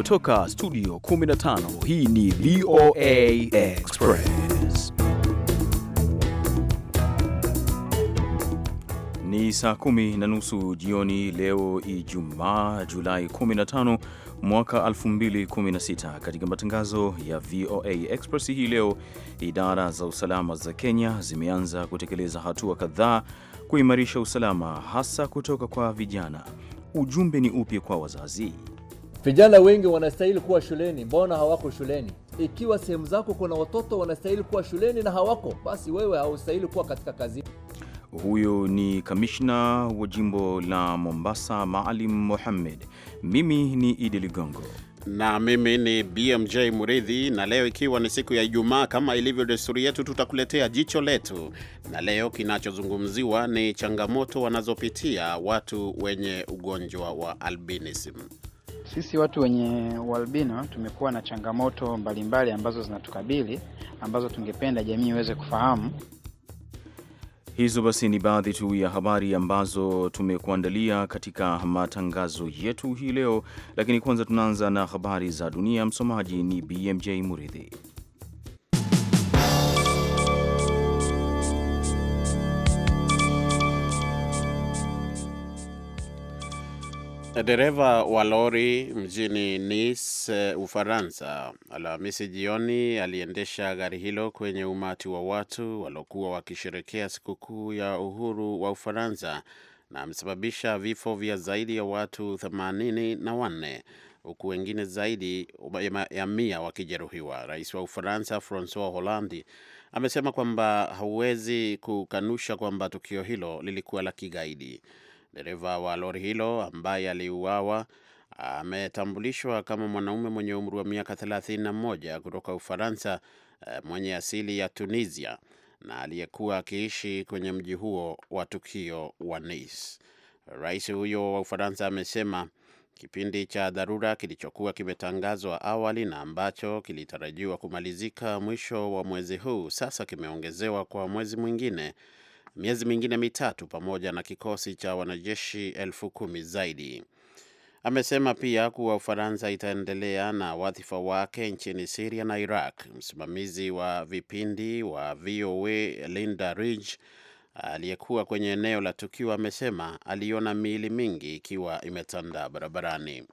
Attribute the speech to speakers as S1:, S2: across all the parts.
S1: kutoka studio 15 hii ni VOA Express ni saa kumi na nusu jioni leo Ijumaa Julai 15 mwaka 2016 katika matangazo ya VOA Express hii leo idara za usalama za Kenya zimeanza kutekeleza hatua kadhaa kuimarisha usalama hasa kutoka kwa vijana
S2: ujumbe ni upi kwa wazazi Vijana wengi wanastahili kuwa shuleni, mbona hawako shuleni? Ikiwa sehemu zako kuna watoto wanastahili kuwa shuleni na hawako, basi wewe haustahili kuwa katika kazi.
S1: Huyo ni kamishna wa jimbo la Mombasa,
S3: Maalim Mohamed. Mimi ni Idi Ligongo na mimi ni BMJ Muridhi, na leo ikiwa ni siku ya Ijumaa, kama ilivyo desturi yetu, tutakuletea jicho letu, na leo kinachozungumziwa ni changamoto wanazopitia watu wenye ugonjwa wa albinism.
S4: Sisi watu wenye ualbino tumekuwa na changamoto mbalimbali mbali ambazo zinatukabili ambazo tungependa jamii iweze kufahamu.
S1: Hizo basi ni baadhi tu ya habari ambazo tumekuandalia katika matangazo yetu hii leo, lakini kwanza tunaanza na habari za dunia. Msomaji ni BMJ Muridhi.
S3: Dereva wa lori mjini Nice, eh, Ufaransa, Alhamisi jioni aliendesha gari hilo kwenye umati wa watu waliokuwa wakisherekea sikukuu ya uhuru wa Ufaransa na amesababisha vifo vya zaidi ya watu themanini na wanne huku wengine zaidi ya mia wakijeruhiwa. Rais wa Ufaransa Francois Hollande amesema kwamba hauwezi kukanusha kwamba tukio hilo lilikuwa la kigaidi. Dereva wa lori hilo ambaye aliuawa ametambulishwa kama mwanaume mwenye umri wa miaka 31 kutoka Ufaransa eh, mwenye asili ya Tunisia na aliyekuwa akiishi kwenye mji huo wa tukio wa Nice. Rais huyo wa Ufaransa amesema kipindi cha dharura kilichokuwa kimetangazwa awali na ambacho kilitarajiwa kumalizika mwisho wa mwezi huu sasa kimeongezewa kwa mwezi mwingine miezi mingine mitatu pamoja na kikosi cha wanajeshi elfu kumi zaidi. Amesema pia kuwa Ufaransa itaendelea na wadhifa wake nchini Siria na Iraq. Msimamizi wa vipindi wa VOA Linda Ridge aliyekuwa kwenye eneo la tukio amesema aliona miili mingi ikiwa imetandaa barabarani.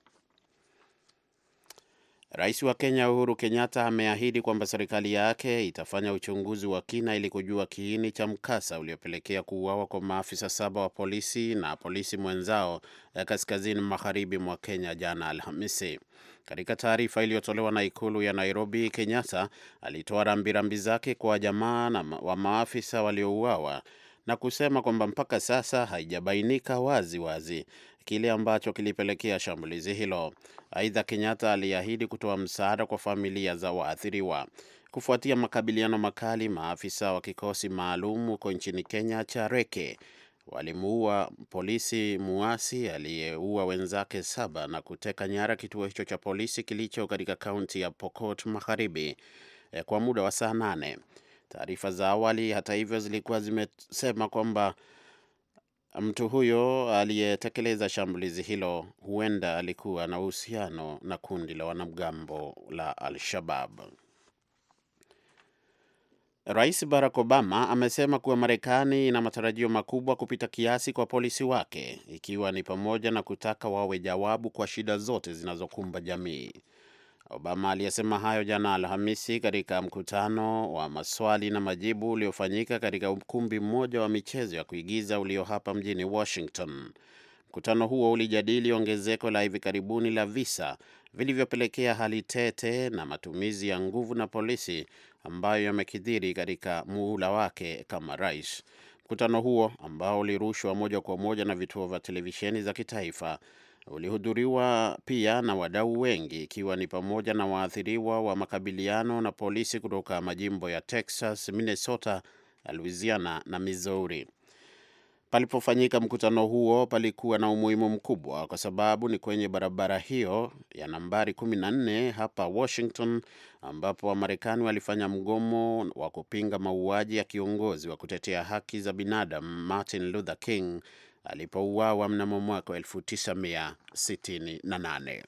S3: Rais wa Kenya Uhuru Kenyatta ameahidi kwamba serikali yake itafanya uchunguzi wa kina ili kujua kiini cha mkasa uliopelekea kuuawa kwa maafisa saba wa polisi na polisi mwenzao eh, kaskazini magharibi mwa Kenya jana Alhamisi. Katika taarifa iliyotolewa na ikulu ya Nairobi, Kenyatta alitoa rambirambi zake kwa jamaa na wa maafisa waliouawa na kusema kwamba mpaka sasa haijabainika wazi wazi kile ambacho kilipelekea shambulizi hilo. Aidha, Kenyatta aliahidi kutoa msaada kwa familia za waathiriwa. Kufuatia makabiliano makali, maafisa wa kikosi maalum huko nchini Kenya cha Reke walimuua polisi muasi aliyeua wenzake saba na kuteka nyara kituo hicho cha polisi kilicho katika kaunti ya Pokot Magharibi eh, kwa muda wa saa nane. Taarifa za awali, hata hivyo, zilikuwa zimesema kwamba mtu huyo aliyetekeleza shambulizi hilo huenda alikuwa na uhusiano na kundi la wanamgambo la Al-Shabab. Rais Barack Obama amesema kuwa Marekani ina matarajio makubwa kupita kiasi kwa polisi wake, ikiwa ni pamoja na kutaka wawe jawabu kwa shida zote zinazokumba jamii. Obama aliyesema hayo jana Alhamisi katika mkutano wa maswali na majibu uliofanyika katika ukumbi mmoja wa michezo ya kuigiza ulio hapa mjini Washington. Mkutano huo ulijadili ongezeko la hivi karibuni la visa vilivyopelekea hali tete na matumizi ya nguvu na polisi ambayo yamekithiri katika muhula wake kama rais. Mkutano huo ambao ulirushwa moja kwa moja na vituo vya televisheni za kitaifa ulihudhuriwa pia na wadau wengi ikiwa ni pamoja na waathiriwa wa makabiliano na polisi kutoka majimbo ya Texas, Minnesota, Louisiana na Missouri. Palipofanyika mkutano huo palikuwa na umuhimu mkubwa kwa sababu ni kwenye barabara hiyo ya nambari 14 hapa Washington ambapo Wamarekani walifanya mgomo wa kupinga mauaji ya kiongozi wa kutetea haki za binadamu Martin Luther King alipouawa mnamo mwaka wa 1968.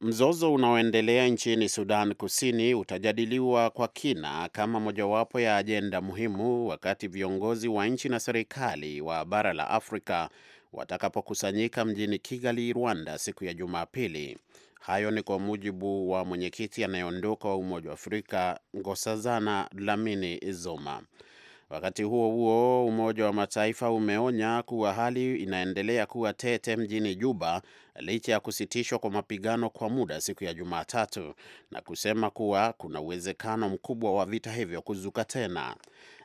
S3: Mzozo unaoendelea nchini Sudan Kusini utajadiliwa kwa kina kama mojawapo ya ajenda muhimu wakati viongozi wa nchi na serikali wa bara la Afrika watakapokusanyika mjini Kigali, Rwanda siku ya Jumapili. Hayo ni kwa mujibu wa mwenyekiti anayeondoka wa Umoja wa Afrika ngosazana Dlamini Zuma. Wakati huo huo, Umoja wa Mataifa umeonya kuwa hali inaendelea kuwa tete mjini Juba licha ya kusitishwa kwa mapigano kwa muda siku ya Jumatatu na kusema kuwa kuna uwezekano mkubwa wa vita hivyo kuzuka tena.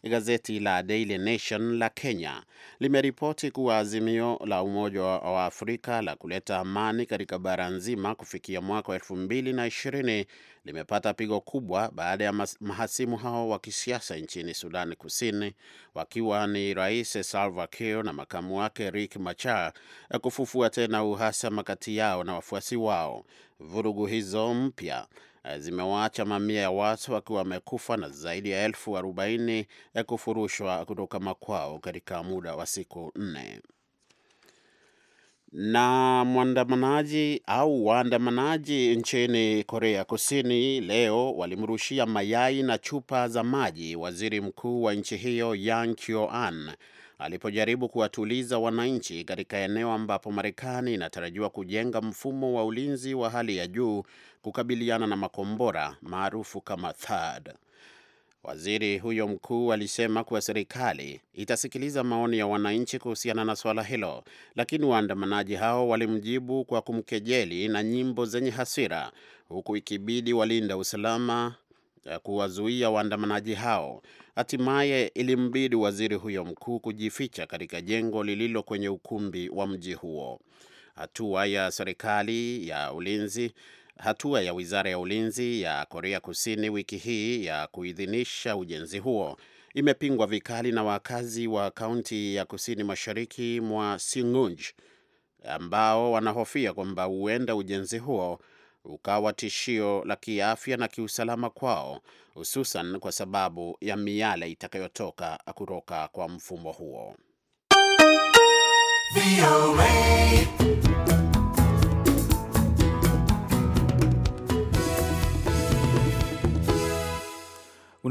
S3: Gazeti la Daily Nation la Kenya limeripoti kuwa azimio la Umoja wa Afrika la kuleta amani katika bara nzima kufikia mwaka wa elfu mbili na ishirini limepata pigo kubwa baada ya mahasimu hao wa kisiasa nchini Sudani Kusini wakiwa ni Rais Salva Kiir na makamu wake Riek Machar kufufua tena uhasama uhasama kati yao na wafuasi wao. Vurugu hizo mpya eh, zimewaacha mamia ya watu wakiwa wamekufa na zaidi ya elfu arobaini ya eh, kufurushwa kutoka makwao katika muda wa siku nne. Na mwandamanaji au waandamanaji nchini Korea Kusini leo walimrushia mayai na chupa za maji waziri mkuu wa nchi hiyo Yang Kyo-an alipojaribu kuwatuliza wananchi katika eneo ambapo Marekani inatarajiwa kujenga mfumo wa ulinzi wa hali ya juu kukabiliana na makombora maarufu kama THAAD. Waziri huyo mkuu alisema kuwa serikali itasikiliza maoni ya wananchi kuhusiana na suala hilo, lakini waandamanaji hao walimjibu kwa kumkejeli na nyimbo zenye hasira, huku ikibidi walinda usalama Eh, kuwazuia waandamanaji hao. Hatimaye ilimbidi waziri huyo mkuu kujificha katika jengo lililo kwenye ukumbi wa mji huo. Hatua ya serikali ya ulinzi hatua ya wizara ya ulinzi ya Korea Kusini wiki hii ya kuidhinisha ujenzi huo imepingwa vikali na wakazi wa kaunti ya kusini mashariki mwa Singunj ambao wanahofia kwamba huenda ujenzi huo ukawa tishio la kiafya na kiusalama kwao, hususan kwa sababu ya miale itakayotoka kutoka kwa mfumo huo.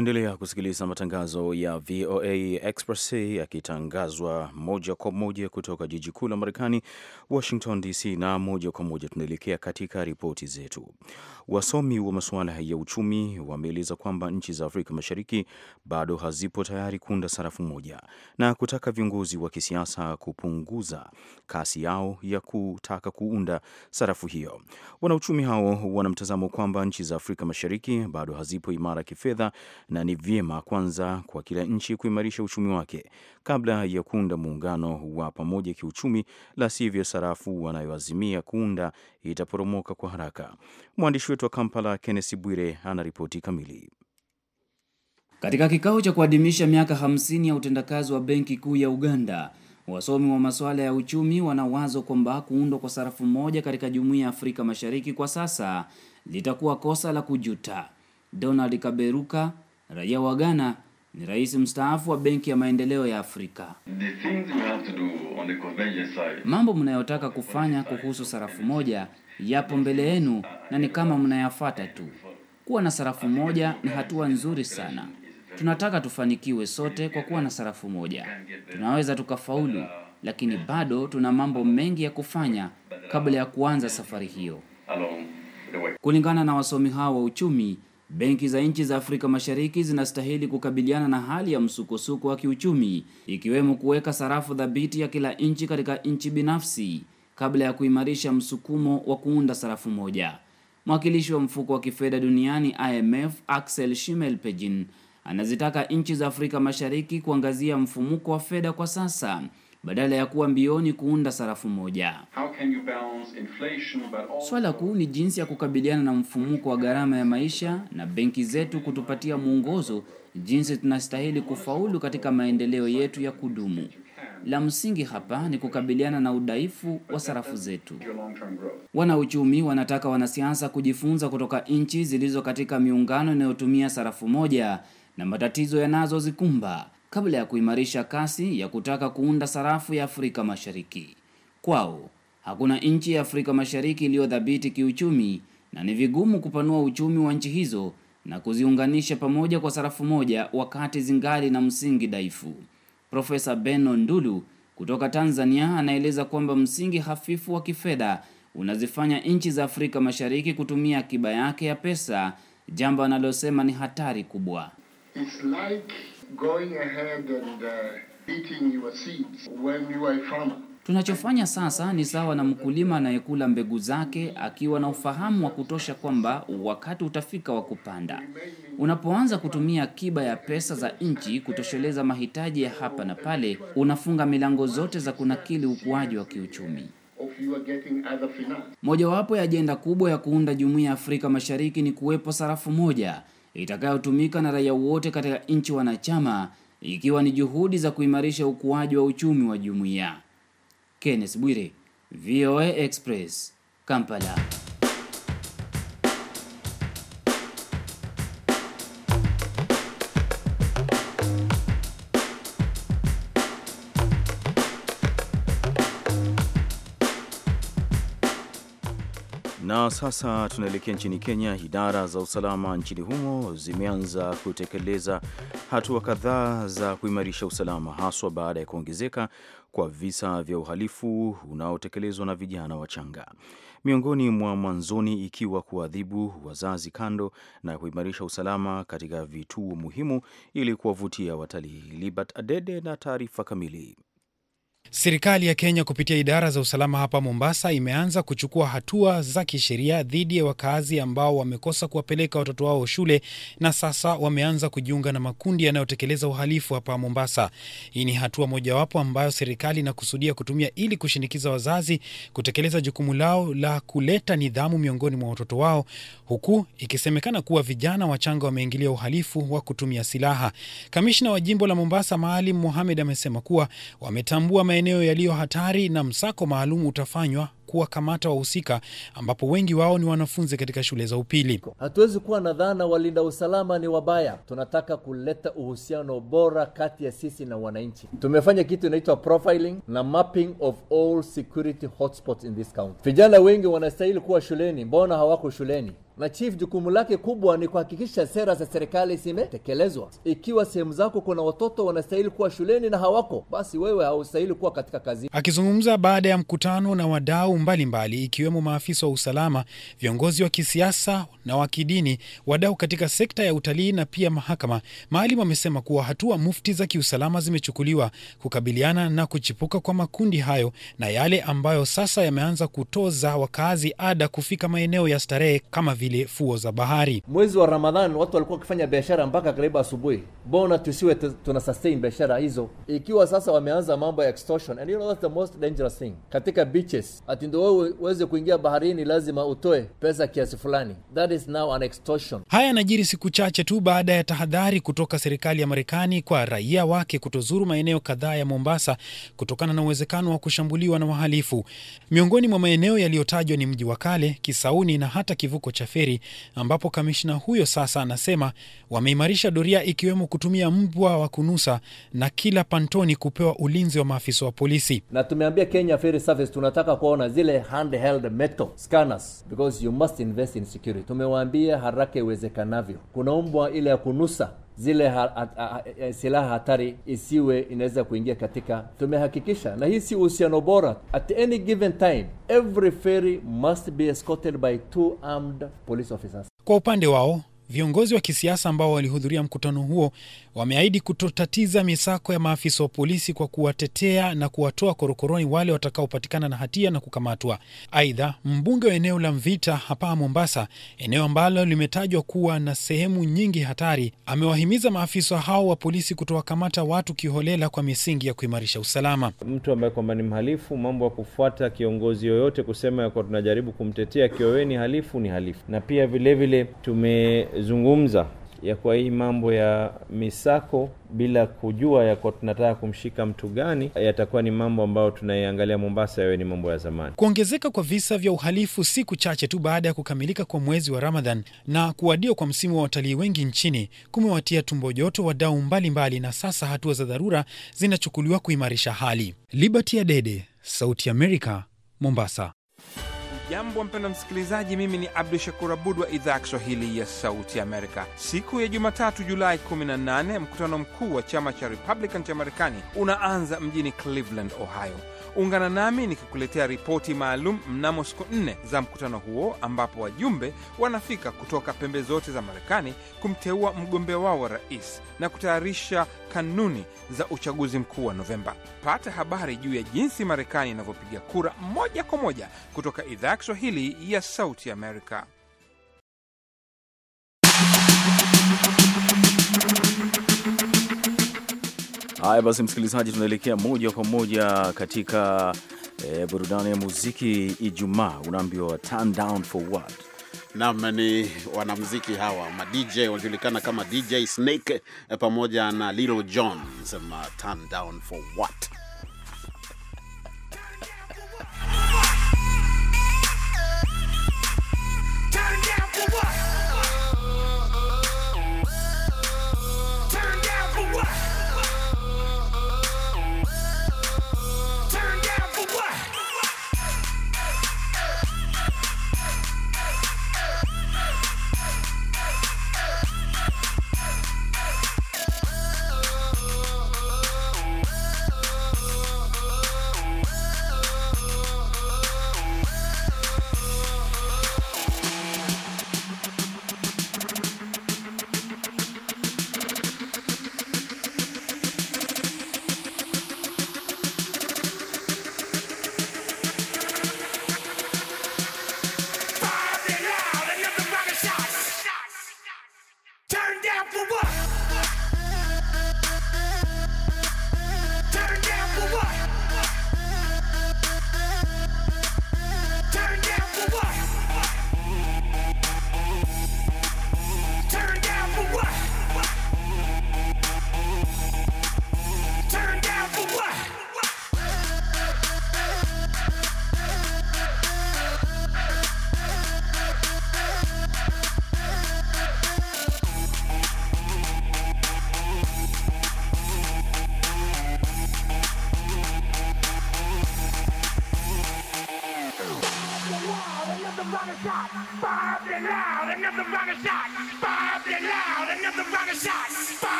S1: Unaendelea kusikiliza matangazo ya VOA Express yakitangazwa moja kwa moja kutoka jiji kuu la Marekani, Washington DC, na moja kwa moja tunaelekea katika ripoti zetu. Wasomi wa masuala ya uchumi wameeleza kwamba nchi za Afrika Mashariki bado hazipo tayari kuunda sarafu moja na kutaka viongozi wa kisiasa kupunguza kasi yao ya kutaka kuunda sarafu hiyo. Wanauchumi hao wanamtazamo kwamba nchi za Afrika Mashariki bado hazipo imara kifedha na ni vyema kwanza kwa kila nchi kuimarisha uchumi wake kabla ya kuunda muungano wa pamoja kiuchumi, la sivyo sarafu wanayoazimia kuunda itaporomoka kwa haraka. Mwandishi
S5: wetu wa Kampala kennesi Bwire anaripoti kamili. Katika kikao cha kuadhimisha miaka 50 ya utendakazi wa Benki Kuu ya Uganda, wasomi wa masuala ya uchumi wanawazo kwamba kuundwa kwa sarafu moja katika Jumuiya ya Afrika Mashariki kwa sasa litakuwa kosa la kujuta. Donald Kaberuka Raia wa Ghana ni rais mstaafu wa Benki ya Maendeleo ya Afrika. Mambo mnayotaka kufanya kuhusu sarafu moja yapo mbele yenu na ni kama mnayafata tu. Kuwa na sarafu moja ni hatua nzuri sana. Tunataka tufanikiwe sote kwa kuwa na sarafu moja. Tunaweza tukafaulu, lakini bado tuna mambo mengi ya kufanya kabla ya kuanza safari hiyo. Kulingana na wasomi hao wa uchumi, Benki za nchi za Afrika Mashariki zinastahili kukabiliana na hali ya msukosuko wa kiuchumi ikiwemo kuweka sarafu thabiti ya kila nchi katika nchi binafsi kabla ya kuimarisha msukumo wa kuunda sarafu moja. Mwakilishi wa mfuko wa kifedha duniani IMF, Axel Shimelpejin, anazitaka nchi za Afrika Mashariki kuangazia mfumuko wa fedha kwa sasa badala ya kuwa mbioni kuunda sarafu moja. Swala kuu ni jinsi ya kukabiliana na mfumuko wa gharama ya maisha na benki zetu kutupatia mwongozo jinsi tunastahili kufaulu katika maendeleo yetu ya kudumu. La msingi hapa ni kukabiliana na udhaifu wa sarafu zetu. Wanauchumi wanataka wanasiasa kujifunza kutoka nchi zilizo katika miungano inayotumia sarafu moja na matatizo yanazozikumba kabla ya kuimarisha kasi ya kutaka kuunda sarafu ya Afrika Mashariki. Kwao hakuna nchi ya Afrika Mashariki iliyodhabiti kiuchumi na ni vigumu kupanua uchumi wa nchi hizo na kuziunganisha pamoja kwa sarafu moja wakati zingali na msingi dhaifu. Profesa Beno Ndulu kutoka Tanzania anaeleza kwamba msingi hafifu wa kifedha unazifanya nchi za Afrika Mashariki kutumia akiba yake ya pesa, jambo analosema ni hatari kubwa.
S3: It's like going ahead and uh, eating your seeds when you are a farmer.
S5: Tunachofanya sasa ni sawa na mkulima anayekula mbegu zake akiwa na ufahamu wa kutosha kwamba wakati utafika wa kupanda. Unapoanza kutumia akiba ya pesa za nchi kutosheleza mahitaji ya hapa na pale, unafunga milango zote za kunakili ukuaji wa kiuchumi. Mojawapo ya ajenda kubwa ya kuunda jumuiya ya Afrika Mashariki ni kuwepo sarafu moja itakayotumika na raia wote katika nchi wanachama ikiwa ni juhudi za kuimarisha ukuaji wa uchumi wa jumuiya. Kenneth Bwire, VOA Express, Kampala.
S1: Na sasa tunaelekea nchini Kenya. Idara za usalama nchini humo zimeanza kutekeleza hatua kadhaa za kuimarisha usalama, haswa baada ya kuongezeka kwa visa vya uhalifu unaotekelezwa na vijana wachanga, miongoni mwa mwanzoni ikiwa kuadhibu wazazi kando na kuimarisha usalama katika vituo muhimu ili kuwavutia watalii. Libert Adede na taarifa kamili.
S6: Serikali ya Kenya kupitia idara za usalama hapa Mombasa imeanza kuchukua hatua za kisheria dhidi ya wakaazi ambao wamekosa kuwapeleka watoto wao shule na sasa wameanza kujiunga na makundi yanayotekeleza uhalifu hapa Mombasa. Hii ni hatua mojawapo ambayo serikali inakusudia kutumia ili kushinikiza wazazi kutekeleza jukumu lao la kuleta nidhamu miongoni mwa watoto wao, huku ikisemekana kuwa vijana wachanga wameingilia uhalifu wa kutumia silaha. Kamishna wa jimbo la Mombasa Maalim Mohamed amesema kuwa wametambua maeneo yaliyo hatari na msako maalum utafanywa kuwakamata wahusika ambapo wengi wao ni wanafunzi katika shule za
S2: upili. Hatuwezi kuwa na dhana walinda usalama ni wabaya. Tunataka kuleta uhusiano bora kati ya sisi na wananchi. Tumefanya kitu inaitwa profiling na mapping of all security hotspots in this county. Vijana wengi wanastahili kuwa shuleni, mbona hawako shuleni? na chief jukumu lake kubwa ni kuhakikisha sera za serikali zimetekelezwa. Ikiwa sehemu zako kuna watoto wanastahili kuwa shuleni na hawako, basi wewe haustahili kuwa katika kazi.
S6: Akizungumza baada ya mkutano na wadau mbalimbali, ikiwemo maafisa wa usalama, viongozi wa kisiasa na wa kidini, wadau katika sekta ya utalii na pia mahakama, Maalim amesema kuwa hatua mufti za kiusalama zimechukuliwa kukabiliana na kuchipuka kwa makundi hayo na yale ambayo sasa yameanza kutoza wakazi ada kufika maeneo ya starehe kama vile vile
S2: fuo za bahari. Mwezi wa Ramadhani watu walikuwa wakifanya biashara mpaka karibu asubuhi, bona tusiwe tuna sustain biashara hizo, ikiwa sasa wameanza mambo ya extortion. And you know that's the most dangerous thing katika beaches, ati ndio wewe uweze kuingia baharini lazima utoe pesa kiasi fulani, that is now an extortion.
S6: Haya yanajiri siku chache tu baada ya tahadhari kutoka serikali ya Marekani kwa raia wake kutozuru maeneo kadhaa ya Mombasa kutokana na uwezekano wa kushambuliwa na wahalifu. Miongoni mwa maeneo yaliyotajwa ni mji wa kale, Kisauni na hata kivuko cha usafiri, ambapo kamishna huyo sasa anasema wameimarisha doria, ikiwemo kutumia mbwa wa kunusa na kila pantoni kupewa ulinzi wa maafisa wa polisi.
S2: Na tumeambia Kenya Ferry Service tunataka kuona zile handheld metal scanners because you must invest in security. Tumewaambia haraka iwezekanavyo. Kuna mbwa ile ya kunusa zile ha, ha, ha, silaha hatari isiwe inaweza kuingia katika. Tumehakikisha na hii si uhusiano bora. At any given time every ferry must be escorted by two armed police officers.
S6: Kwa upande wao Viongozi wa kisiasa ambao walihudhuria mkutano huo wameahidi kutotatiza misako ya maafisa wa polisi kwa kuwatetea na kuwatoa korokoroni wale watakaopatikana na hatia na kukamatwa. Aidha, mbunge wa eneo la Mvita hapa Mombasa, eneo ambalo limetajwa kuwa na sehemu nyingi hatari, amewahimiza maafisa hao wa polisi
S1: kutowakamata watu kiholela kwa misingi ya kuimarisha usalama. Mtu ambaye kwamba ni mhalifu, mambo ya kufuata kiongozi yoyote kusema kuwa tunajaribu kumtetea kioweni, halifu ni halifu, na pia vilevile tume zungumza ya kwa hii mambo ya misako bila kujua yakuwa tunataka kumshika mtu gani, yatakuwa ni mambo ambayo tunaiangalia Mombasa yawe ni mambo ya zamani.
S6: Kuongezeka kwa visa vya uhalifu siku chache tu baada ya kukamilika kwa mwezi wa Ramadhan na kuwadia kwa msimu wa watalii wengi nchini kumewatia tumbo joto wadau mbalimbali, na sasa hatua za dharura zinachukuliwa kuimarisha hali. Liberty Adede, Sauti america Mombasa. Jambo mpendo msikilizaji, mimi ni Abdu Shakur Abud wa idhaa ya Kiswahili ya Sauti ya Amerika. Siku ya Jumatatu Julai 18 mkutano mkuu wa chama cha Republican cha Marekani unaanza mjini Cleveland, Ohio. Ungana nami nikikuletea ripoti maalum mnamo siku nne za mkutano huo, ambapo wajumbe wanafika kutoka pembe zote za Marekani kumteua mgombea wao wa rais na kutayarisha kanuni za uchaguzi mkuu wa Novemba. Pata habari juu ya jinsi Marekani inavyopiga kura moja kwa moja kutoka idhaa ya Kiswahili ya Sauti Amerika.
S1: Haya basi, msikilizaji, tunaelekea moja kwa moja katika e, burudani ya muziki Ijumaa. Unaambiwa turn down for what?
S3: nam ni wanamuziki hawa ma DJ wanajulikana kama DJ Snake eh, pamoja na Little John sema turn down for what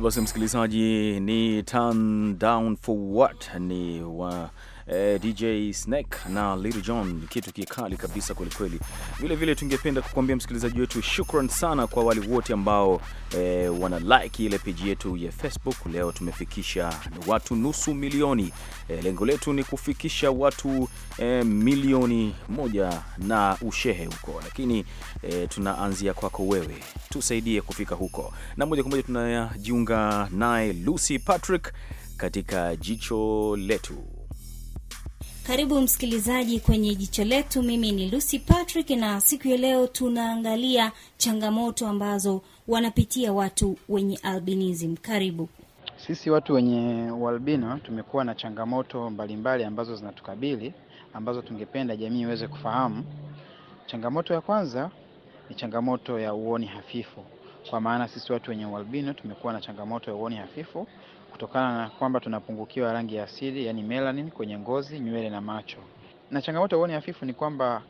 S1: basi msikilizaji, ni Turn Down For What ni wa eh, DJ Snake na Little John, kitu kikali kabisa kwelikweli. Vilevile tungependa kukuambia msikilizaji wetu, shukran sana kwa wale wote ambao eh, wana like ile peji yetu ya Facebook. Leo tumefikisha watu nusu milioni. Eh, lengo letu ni kufikisha watu eh, milioni moja na ushehe huko, lakini eh, tunaanzia kwako wewe, tusaidie kufika huko, na moja kwa moja tunajiunga naye Lucy Patrick katika jicho letu.
S5: Karibu msikilizaji kwenye jicho letu. Mimi ni Lucy Patrick, na siku ya leo tunaangalia changamoto ambazo wanapitia watu
S4: wenye albinism. Karibu. Sisi watu wenye ualbino tumekuwa na changamoto mbalimbali mbali ambazo zinatukabili ambazo tungependa jamii iweze kufahamu. Changamoto ya kwanza ni changamoto ya uoni hafifu, kwa maana sisi watu wenye ualbino tumekuwa na changamoto ya uoni hafifu kutokana na kwamba tunapungukiwa rangi ya asili, yani melanin kwenye ngozi, nywele na macho. Na changamoto ya uoni hafifu ni kwamba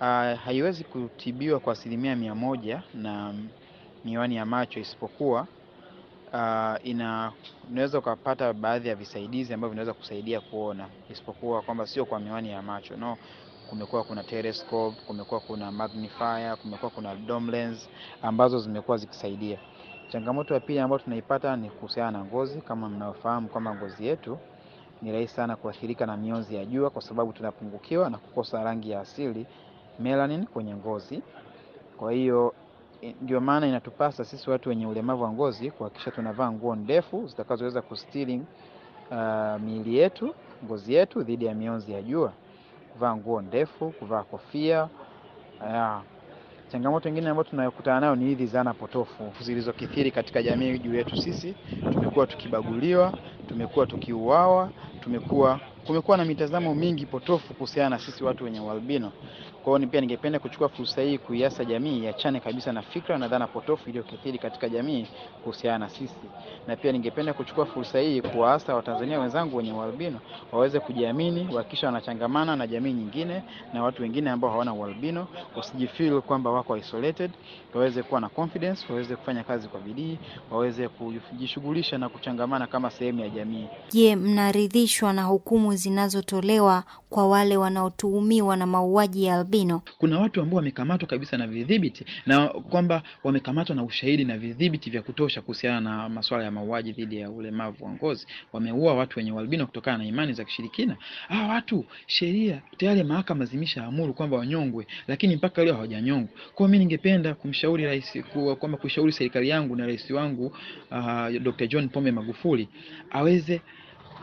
S4: uh, haiwezi kutibiwa kwa asilimia mia moja na miwani ya macho isipokuwa uh, ina unaweza ukapata baadhi ya visaidizi ambavyo vinaweza kusaidia kuona, isipokuwa kwamba sio kwa miwani ya macho no. Kumekuwa kuna telescope, kumekuwa kuna magnifier, kumekuwa kuna dome lens ambazo zimekuwa zikisaidia. Changamoto ya pili ambayo tunaipata ni kuhusiana na ngozi. Kama mnaofahamu kwamba ngozi yetu ni rahisi sana kuathirika na mionzi ya jua, kwa sababu tunapungukiwa na kukosa rangi ya asili melanin kwenye ngozi. Kwa hiyo ndio maana inatupasa sisi watu wenye ulemavu wa ngozi kuhakikisha tunavaa nguo ndefu zitakazoweza kustiri uh, miili yetu, ngozi yetu dhidi ya mionzi ya jua, kuvaa nguo ndefu, kuvaa kofia uh, Changamoto nyingine ambayo tunayokutana nayo ni hizi zana potofu zilizokithiri katika jamii juu yetu sisi. Tumekuwa tukibaguliwa, tumekuwa tukiuawa, tumekuwa kumekuwa na mitazamo mingi potofu kuhusiana na sisi watu wenye ualbino. Kwa hiyo pia ningependa kuchukua fursa hii kuiasa jamii iachane kabisa na fikra na dhana potofu iliyokithiri katika jamii kuhusiana na sisi, na pia ningependa kuchukua fursa hii kuwaasa Watanzania wenzangu wenye ualbino waweze kujiamini, wakisha wanachangamana na jamii nyingine na watu wengine ambao hawana ualbino, wasijifeel kwamba wako isolated, waweze kuwa na confidence, waweze kufanya kazi kwa bidii, waweze kujishughulisha na kuchangamana kama sehemu ya jamii.
S1: Je, mnaridhishwa na hukumu zinazotolewa kwa wale wanaotuhumiwa na mauaji ya albino.
S4: Kuna watu ambao wamekamatwa kabisa na vidhibiti, na kwamba wamekamatwa na ushahidi na vidhibiti vya kutosha kuhusiana na masuala ya mauaji dhidi ya ulemavu wa ngozi. Wameua watu wenye ualbino kutokana na imani za kishirikina. Hawa watu sheria tayari mahakama zimeshaamuru kwamba wanyongwe, lakini mpaka leo hawajanyongwa. Kwa mimi ningependa kumshauri rais kwamba kushauri serikali yangu na rais wangu uh, ah, Dr. John Pombe Magufuli aweze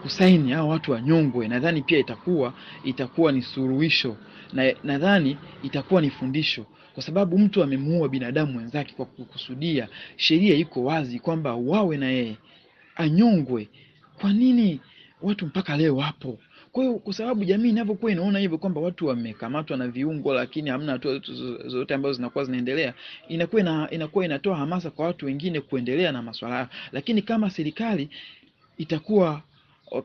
S4: kusaini hao watu wanyongwe, nadhani pia itakuwa itakuwa ni suluhisho na nadhani itakuwa ni fundisho, kwa sababu mtu amemuua binadamu wenzake kwa kukusudia. Sheria iko wazi kwamba wawe na yeye anyongwe. Kwa nini watu mpaka leo wapo? Kwa hiyo kwa sababu jamii inavyokuwa inaona hivyo kwamba watu wamekamatwa na viungo, lakini hamna hatua zozote ambazo zinakuwa zinaendelea, inakuwa ina, inakuwa inatoa hamasa kwa watu wengine kuendelea na masuala yao, lakini kama serikali itakuwa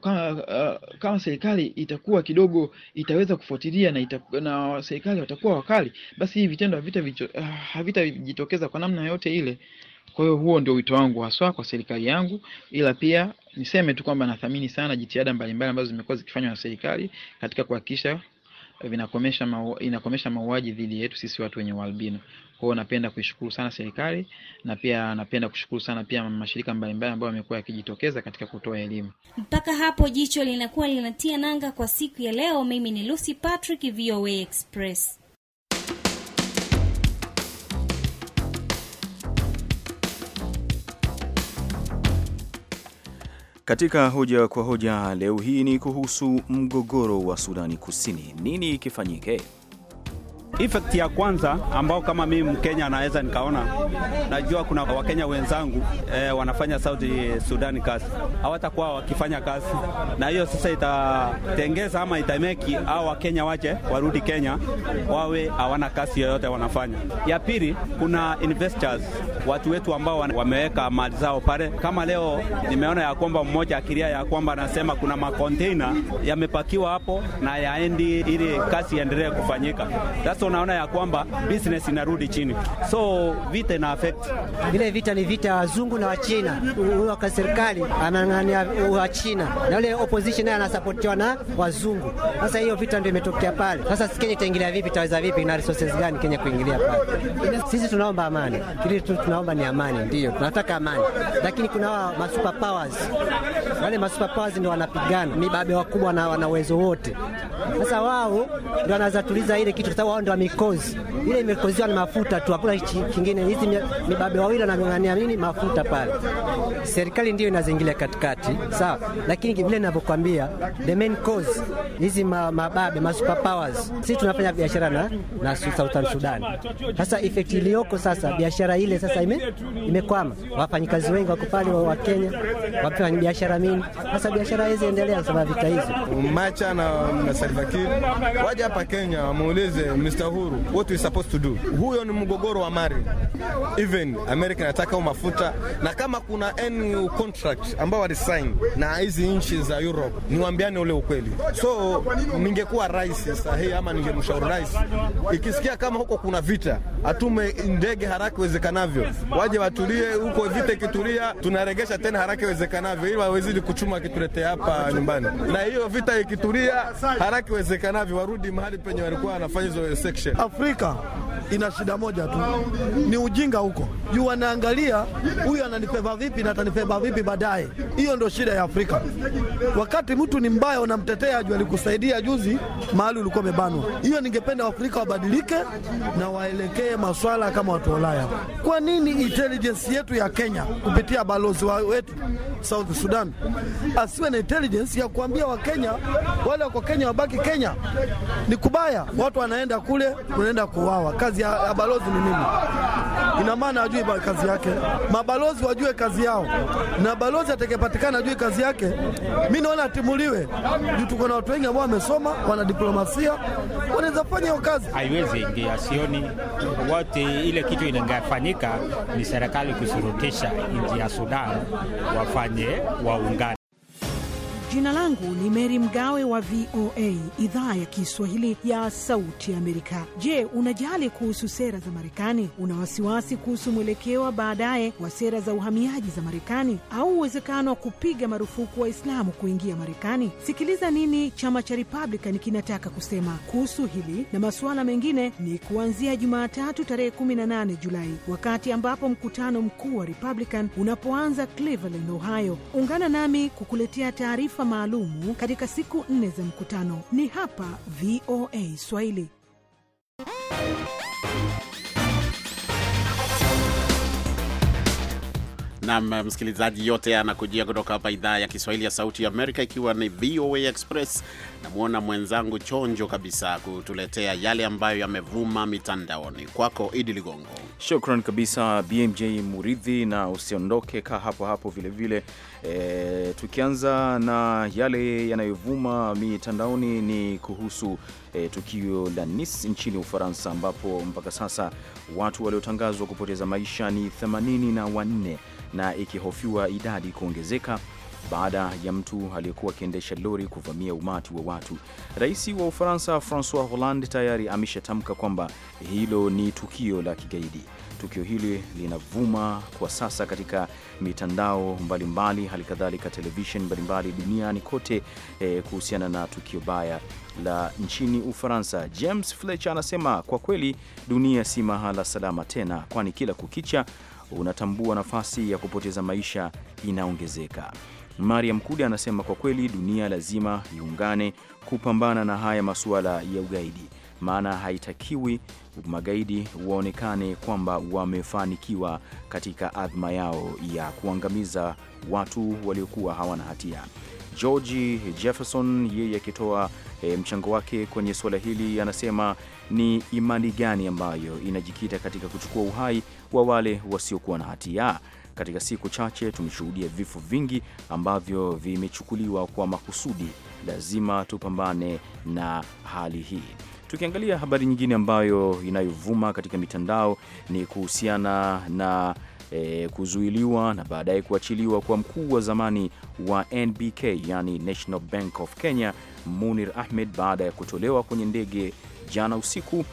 S4: kama, uh, kama serikali itakuwa kidogo itaweza kufuatilia na, ita, na serikali watakuwa wakali, basi hivi vitendo havitajitokeza ah, uh, kwa namna yote ile. Kwa hiyo huo ndio wito wangu haswa kwa serikali yangu, ila pia niseme tu kwamba nathamini sana jitihada mbalimbali ambazo zimekuwa zikifanywa na serikali katika kuhakikisha vinakomesha mawa, inakomesha mauaji dhidi yetu sisi watu wenye ualbino. Kwa hiyo napenda kuishukuru sana serikali na pia napenda kushukuru sana pia mashirika mbalimbali ambayo yamekuwa yakijitokeza katika kutoa elimu.
S5: Mpaka hapo jicho linakuwa linatia nanga kwa siku ya leo. Mimi ni Lucy Patrick, VOA Express.
S1: Katika hoja kwa hoja leo hii ni kuhusu mgogoro wa Sudani Kusini, nini kifanyike? Effect ya kwanza ambao kama mimi Mkenya naweza nikaona, najua kuna Wakenya wenzangu eh, wanafanya Saudi Sudan kazi, hawatakuwa wakifanya kazi, na hiyo sasa itatengeza ama itameki au Wakenya waje warudi Kenya wawe hawana kazi yoyote wanafanya. Ya pili, kuna investors, watu wetu ambao wameweka mali zao pale. Kama leo nimeona ya kwamba mmoja akiria ya kwamba anasema kuna makontena yamepakiwa hapo na yaendi ili kazi iendelee kufanyika. That's unaona ya kwamba business inarudi chini, so vita ina affect
S3: vile. Vita ni vita ya wazungu na wachina. Huyo kwa serikali anang'ania wachina na ule opposition naye anasapotiwa na wazungu. Sasa hiyo vita ndio imetokea pale. Sasa Kenya itaingilia vipi? Itaweza vipi? na resources gani Kenya kuingilia pale? Sisi tunaomba amani, kile tu tunaomba ni amani, ndio tunataka amani, lakini kuna wa super powers, wale ma super powers ndio wanapigana, mibabe wakubwa na wana uwezo wote. Sasa wao ndio wanaweza tuliza ile kitu, kwa sababu wao ndio inaitwa mikozi. Ile imekoziwa na mafuta tu, hakuna kingine. Hizi mibabe wawili wanagongania nini? Mafuta pale, serikali ndio inazingilia katikati, sawa. Lakini vile ninavyokuambia, the main cause hizi mababe ma super powers, sisi tunafanya biashara na, na South Sudan. Sasa effect iliyoko sasa, biashara ile sasa ime, imekwama. Wafanyikazi wengi wako pale wa Kenya, wafanya biashara mini. Sasa biashara hizi endelea sababu vita hizi.
S1: Macha na Salva Kiir waje hapa Kenya wamuulize Mr tunaita uhuru, what we supposed to do? Huyo ni mgogoro wa mali, even America inataka mafuta, na kama kuna any contract ambao walisign na hizi nchi za Europe, niwaambiane ule ukweli. So ningekuwa rais sahihi, ama ningemshauri rais, ikisikia kama huko kuna vita, atume ndege haraka iwezekanavyo, waje watulie huko. Vita ikitulia, tunaregesha tena haraka iwezekanavyo, ili wawezidi kuchuma kituletea hapa nyumbani, na hiyo vita
S6: ikitulia, haraka iwezekanavyo warudi mahali penye walikuwa wanafanya hizo Africa. ina shida moja tu, ni ujinga huko juu. Wanaangalia huyu ananifeva vipi na atanifeva vipi baadaye. Hiyo ndio shida ya Afrika. Wakati mtu ni mbaya, unamtetea ajua alikusaidia juzi mahali ulikuwa umebanwa. Hiyo ningependa Waafrika wabadilike na waelekee maswala kama watu wa Ulaya. Kwa nini intelligence yetu ya Kenya kupitia balozi wetu South Sudan asiwe na intelligence ya kuambia Wakenya wale wako Kenya wabaki Kenya? Ni kubaya, watu wanaenda kule, unaenda kuwawa kazi kazi ya balozi ni nini. Ina maana ajui kazi yake, mabalozi wajue kazi yao, na balozi atakayepatikana ajue kazi yake. Mi naona atimuliwe juu tuko na watu wengi ambao wamesoma, wana diplomasia, wanaweza fanya hiyo kazi.
S1: Haiwezi ingia, sioni wote ile kitu inangafanyika ni serikali kusurutisha nchi ya
S3: Sudan wafanye waungane.
S4: Jina langu ni Meri Mgawe wa VOA idhaa ya Kiswahili ya Sauti ya Amerika. Je, unajali kuhusu sera za Marekani? Una wasiwasi kuhusu mwelekeo wa baadaye wa sera za uhamiaji za Marekani au uwezekano wa kupiga marufuku Waislamu kuingia Marekani? Sikiliza nini chama cha Republican kinataka kusema kuhusu hili na masuala mengine, ni kuanzia Jumatatu tarehe 18 Julai, wakati ambapo mkutano mkuu wa Republican unapoanza Cleveland, Ohio. Ungana nami kukuletea taarifa taarifa maalumu katika siku nne za mkutano. Ni hapa VOA Swahili.
S3: na msikilizaji, yote anakujia kutoka hapa idhaa ya Kiswahili ya Sauti ya Amerika, ikiwa ni VOA Express. Namwona mwenzangu chonjo kabisa kutuletea yale ambayo yamevuma mitandaoni. Kwako Idi Ligongo. Shukran kabisa BMJ Muridhi, na usiondoke, kaa
S1: hapo hapo vilevile vile. E, tukianza na yale yanayovuma mitandaoni ni kuhusu e, tukio la Nice nchini Ufaransa, ambapo mpaka sasa watu waliotangazwa kupoteza maisha ni 8 na wanne na ikihofiwa idadi kuongezeka baada ya mtu aliyekuwa akiendesha lori kuvamia umati wa watu. Rais wa Ufaransa Francois Hollande tayari ameshatamka kwamba hilo ni tukio la kigaidi. Tukio hili linavuma kwa sasa katika mitandao mbalimbali, hali kadhalika televisheni mbalimbali duniani kote eh, kuhusiana na tukio baya la nchini Ufaransa. James Fletcher anasema kwa kweli dunia si mahala salama tena, kwani kila kukicha unatambua nafasi ya kupoteza maisha inaongezeka. Mariam Kuda anasema kwa kweli dunia lazima iungane kupambana na haya masuala ya ugaidi, maana haitakiwi magaidi waonekane kwamba wamefanikiwa katika adhma yao ya kuangamiza watu waliokuwa hawana hatia. George Jefferson yeye akitoa e, mchango wake kwenye suala hili anasema ni imani gani ambayo inajikita katika kuchukua uhai wa wale wasiokuwa na hatia. Katika siku chache tumeshuhudia vifo vingi ambavyo vimechukuliwa kwa makusudi. Lazima tupambane na hali hii. Tukiangalia habari nyingine ambayo inayovuma katika mitandao ni kuhusiana na E, kuzuiliwa na baadaye kuachiliwa kwa mkuu wa zamani wa NBK yani National Bank of Kenya Munir Ahmed baada ya kutolewa kwenye ndege jana usiku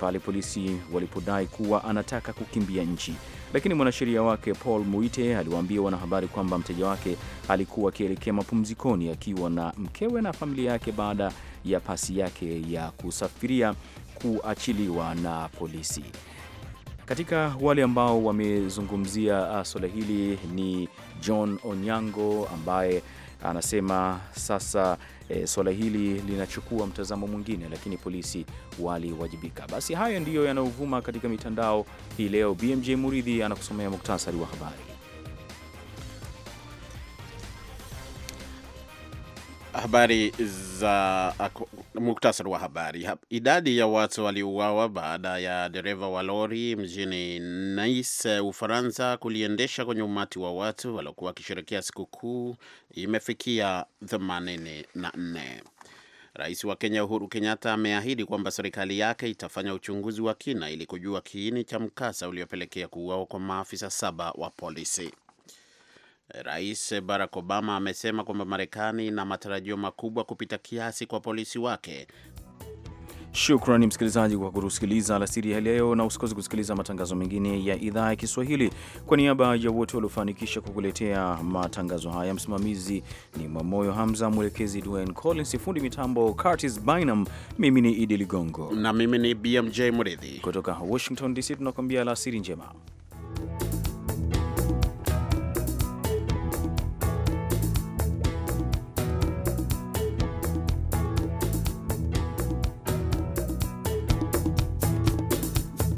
S1: pale polisi walipodai kuwa anataka kukimbia nchi, lakini mwanasheria wake Paul Muite aliwaambia wanahabari kwamba mteja wake alikuwa akielekea mapumzikoni akiwa na mkewe na familia yake baada ya pasi yake ya kusafiria kuachiliwa na polisi. Katika wale ambao wamezungumzia uh, suala hili ni John Onyango ambaye anasema sasa e, swala hili linachukua mtazamo mwingine, lakini polisi waliwajibika. Basi hayo ndiyo yanayovuma katika mitandao hii leo. BMJ Muridhi anakusomea muktasari wa habari.
S3: Habari za ah, muktasari wa habari. Idadi ya watu waliouawa baada ya dereva wa lori mjini Nice, Ufaransa, kuliendesha kwenye umati wa watu waliokuwa wakisherekea sikukuu imefikia 84. Rais wa Kenya Uhuru Kenyatta ameahidi kwamba serikali yake itafanya uchunguzi wa kina ili kujua kiini cha mkasa uliopelekea kuuawa kwa maafisa saba wa polisi. Rais Barack Obama amesema kwamba Marekani ina matarajio makubwa kupita kiasi kwa polisi wake.
S1: Shukrani msikilizaji kwa kutusikiliza alasiri ya leo, na usikose kusikiliza matangazo mengine ya idhaa ya Kiswahili. Kwa niaba ya wote waliofanikisha kukuletea matangazo haya, msimamizi ni Mwamoyo Hamza, mwelekezi Dwayne Collins, fundi mitambo Curtis Bynum, mimi ni Idi Ligongo na mimi ni BMJ Mridhi kutoka Washington DC, tunakuambia alasiri njema.